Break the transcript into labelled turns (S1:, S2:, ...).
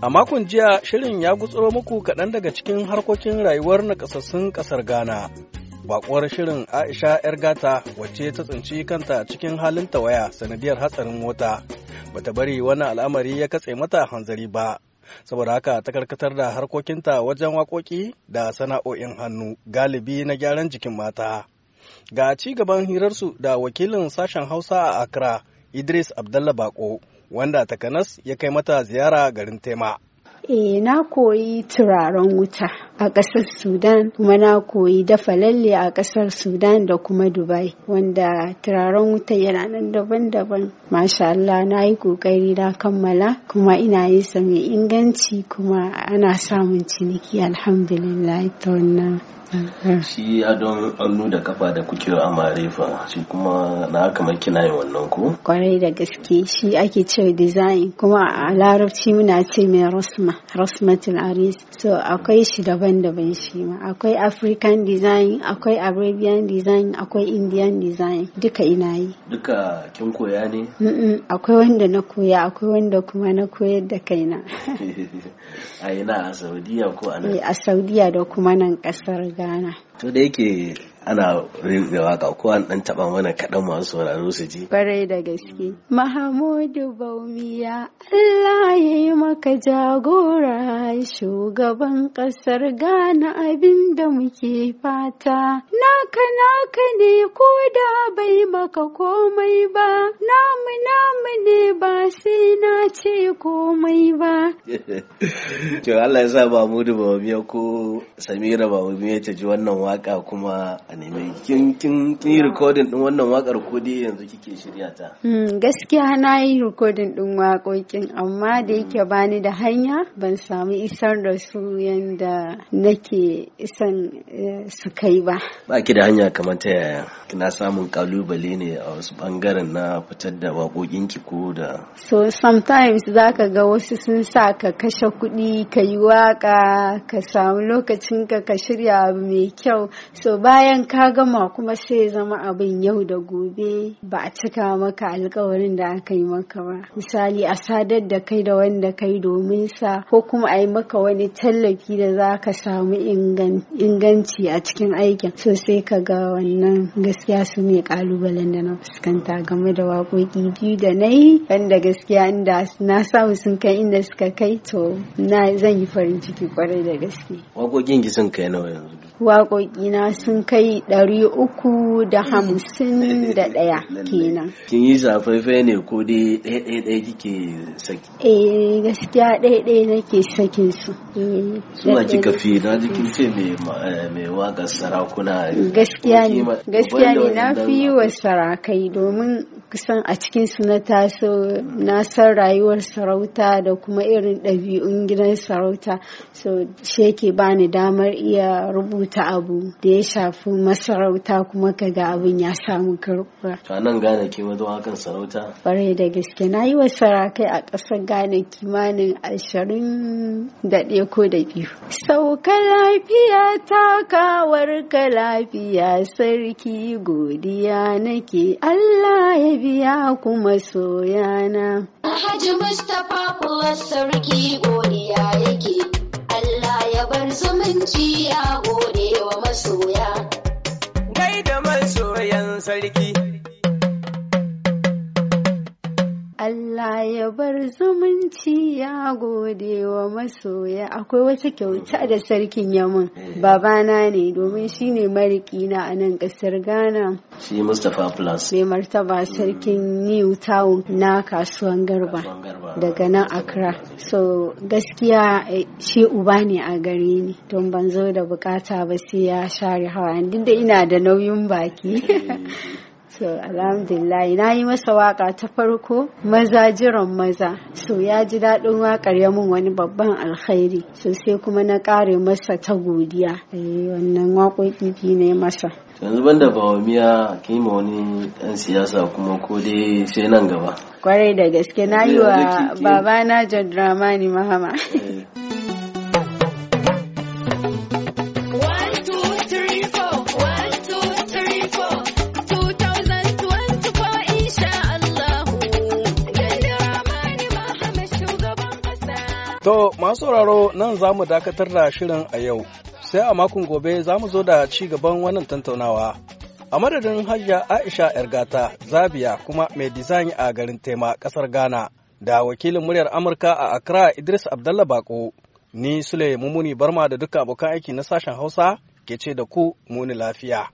S1: A makon jiya shirin ya gutsuro muku kaɗan daga cikin harkokin rayuwar nakasassun ƙasar Ghana. Bakuwar shirin Aisha 'yar gata wacce ta tsinci kanta cikin halin tawaya sanadiyar hatsarin mota. Bata bari wani al'amari ya katse mata hanzari ba. Saboda haka ta karkatar da harkokinta wajen waƙoƙi da sana'o'in hannu galibi na gyaran jikin mata. Ga ci gaban hirarsu da wakilin sashen Hausa a Accra, Idris Abdallah Bako. wanda takanas ya kai mata ziyara garin tema.
S2: E, na koyi turaren wuta. a ƙasar Sudan kuma na koyi dafa lalle a ƙasar Sudan da kuma Dubai wanda turaren wuta yana nan daban-daban. Masha Allah na yi ƙoƙari na kammala kuma ina yin sa mai inganci kuma ana samun ciniki alhamdulillah ta wannan
S3: shi don hannu da kafa da kuke a fa shi kuma na haka kina yin
S2: wannan ko kwarai da gaske shi ake ce design kuma a larabci muna ce mai rasma rasmatul aris so akwai shi daban daban-daban shi ma akwai african design akwai arabian design akwai indian design duka ina yi
S3: duka kin koya ne
S2: akwai wanda na koya akwai wanda kuma na koyar da kaina
S3: a na a saudiya ko a nan eh,
S2: a saudiya da kuma nan kasar ghana
S3: to da yake ana rage waka ko an dan taba mana kaɗan masu sauraro su ji.
S2: Kwarai da gaske. Mahamudu Baumiya Allah ya yi maka jagora shugaban ƙasar Ghana abin da muke fata. Naka naka ne ko da bai maka komai ba, namu namu ne ba sai na ce komai ba.
S3: to Allah ya sa Mahmudu Bawumiya ko Samira Bawumiya ta ji wannan waka kuma a neme kin kin kin recording din wannan wakar ko dai yanzu kike shirya ta
S2: hmm, gaskiya na yi recording din wakokin amma da yake bani da hanya ban samu isar da su yanda nake isan eh, su kai ba
S3: ba ki da hanya kamar ta yaya kina samun kalubale ne a wasu bangaren na fitar da wakokin ki ko da
S2: so sometimes zaka ga wasu sun sa ka kashe kuɗi ka yi waƙa, ka samu lokacin ka ka shirya abu mai kyau so bayan ka gama kuma sai zama abin yau da gobe ba a cika maka alkawarin da aka yi maka ba misali a sadar da kai da wanda kai domin sa ko kuma a yi maka wani tallafi da za ka samu inganci a cikin aikin so sai ka ga wannan gaskiya su ne kalubalen da na fuskanta game da waƙoƙi biyu da na yi wanda gaskiya inda na samu sun kai inda suka kai kai to na zan yi farin ciki kwarai da gaske
S3: Wakokin ki sun kai nawa yanzu
S2: waƙoƙi na sun kai ɗari uku da hamsin da ɗaya kenan
S3: kin yi zafaifai ne ko dai ɗaya ɗaya kike saki
S2: eh gaskiya ɗaya ɗaya nake sakin su eh, suna kika
S3: fi na jikin ce eh, mai waƙar sarakuna gaskiya ne gaskiya ne na fi
S2: wa sarakai domin kusan a cikinsu na taso na san rayuwar sarauta da kuma irin ɗabi'un gidan sarauta so shi yake bani damar iya rubuta abu da ya shafi masarauta kuma kaga abin ya samu karɓa.
S3: to nan gane ke wajen hakan sarauta
S2: bare da gaske na yi wa sarakai a ƙasar gane kimanin ashirin da ɗaya ko da biyu sauka lafiya takawar ka lafiya sarki godiya nake allah ya biya kuma soyana. Alhaji Mustapha kuwa sarki godiya yake, Allah ya bar zumunci ya gode wa masoya.
S3: Gai Gaida masoyan sarki.
S2: zumunci ya gode wa masoya akwai wata kyauta da sarkin yamin eh. babana ne domin shi ne mariki na a nan kasar ghana
S3: shi mustapha plus
S2: mai martaba sarkin new town na kasuwan garba daga nan accra so gaskiya eh, shi uba ne a gare ni don ban zo da bukata ba sai ya share hawa duk da ina da nauyin baki eh. So alhamdulillah na yi masa waƙa ta farko maza jiran maza. So ya ji daɗin waƙar ya mun wani babban alkhairi. So sai kuma na ƙare masa ta godiya. Eh wannan waƙoƙi biyu ne masa.
S3: yanzu banda bawamiya ma wani ɗan siyasa kuma ko dai sai nan gaba
S2: kwarai da gaske na yi wa babana john dramani mahama eh.
S1: To masu sauraro nan za mu dakatar da shirin a yau, sai a makon gobe za mu zo da ci gaban wannan tantaunawa. A madadin hajja Aisha Ergata, Zabiya kuma mai dizayin a garin Tema kasar Ghana da wakilin muryar Amurka a Accra Idris Abdallah Bako, ni Sule Mumuni Barma da duka abokan aiki na sashen Hausa ke ce da ku muni lafiya.